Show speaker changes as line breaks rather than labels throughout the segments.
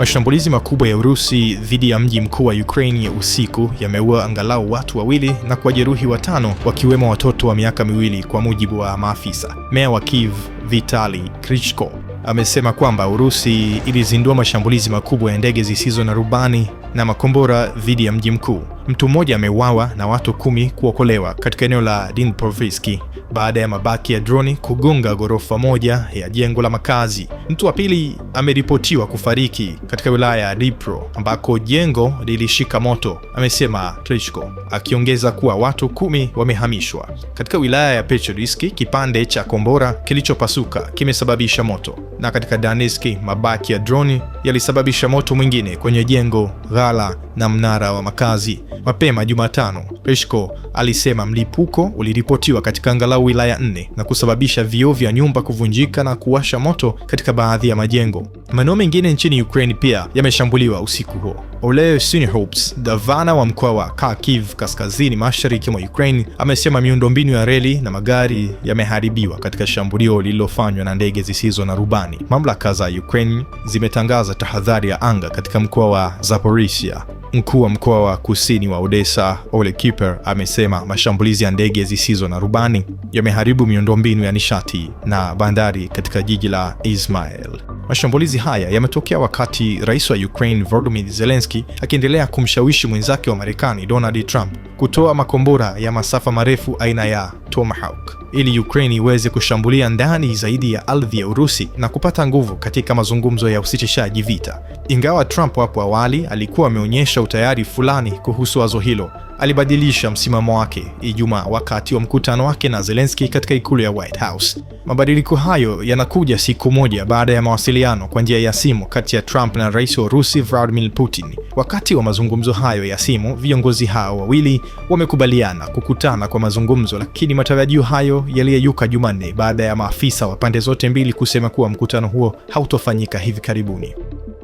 Mashambulizi makubwa ya Urusi dhidi ya mji mkuu wa Ukraine usiku yameua angalau watu wawili na kuwajeruhi watano, wakiwemo watoto wa miaka miwili, kwa mujibu wa maafisa. Meya wa Kiev Vitali Klitschko amesema kwamba Urusi ilizindua mashambulizi makubwa ya ndege zisizo na rubani na makombora dhidi ya mji mkuu. Mtu mmoja ameuawa na watu kumi kuokolewa katika eneo la Dnipropetrovsk baada ya mabaki ya droni kugonga ghorofa moja ya jengo la makazi. Mtu wa pili ameripotiwa kufariki katika wilaya ya Dnipro ambako jengo lilishika moto, amesema Klitschko, akiongeza kuwa watu kumi wamehamishwa. Katika wilaya ya Pechoriski, kipande cha kombora kilichopasuka kimesababisha moto, na katika Danetsk, mabaki ya droni yalisababisha moto mwingine kwenye jengo, ghala na mnara wa makazi. Mapema Jumatano, Klitschko alisema mlipuko uliripotiwa katika angalau wilaya nne na kusababisha vioo vya nyumba kuvunjika na kuwasha moto katika baadhi ya majengo. Maeneo mengine nchini Ukraine pia yameshambuliwa usiku huo. Oleh Syniehubs, gavana wa mkoa wa Kharkiv kaskazini mashariki mwa Ukraine, amesema miundombinu ya reli na magari yameharibiwa katika shambulio lililofanywa na ndege zisizo na rubani. Mamlaka za Ukraine zimetangaza tahadhari ya anga katika mkoa wa Zaporizhia Mkuu wa mkoa wa kusini wa Odessa Ole Kiper amesema mashambulizi ya ndege zisizo na rubani yameharibu miundombinu ya nishati na bandari katika jiji la Ismail. Mashambulizi haya yametokea wakati rais wa Ukraine Volodymyr Zelensky akiendelea kumshawishi mwenzake wa Marekani Donald Trump kutoa makombora ya masafa marefu aina ya Tomahawk ili Ukraine iweze kushambulia ndani zaidi ya ardhi ya Urusi na kupata nguvu katika mazungumzo ya usitishaji vita. Ingawa Trump hapo awali alikuwa ameonyesha utayari fulani kuhusu wazo hilo, alibadilisha msimamo wake Ijumaa wakati wa mkutano wake na Zelensky katika ikulu ya White House. Mabadiliko hayo yanakuja siku moja baada ya mawasiliano kwa njia ya simu kati ya Trump na rais wa Urusi Vladimir Putin. Wakati wa mazungumzo hayo ya simu, viongozi hao wawili wamekubaliana kukutana kwa mazungumzo, lakini matarajio hayo yaliyeyuka Jumanne baada ya maafisa wa pande zote mbili kusema kuwa mkutano huo hautofanyika hivi karibuni.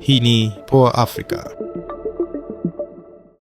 Hii ni Poa Africa.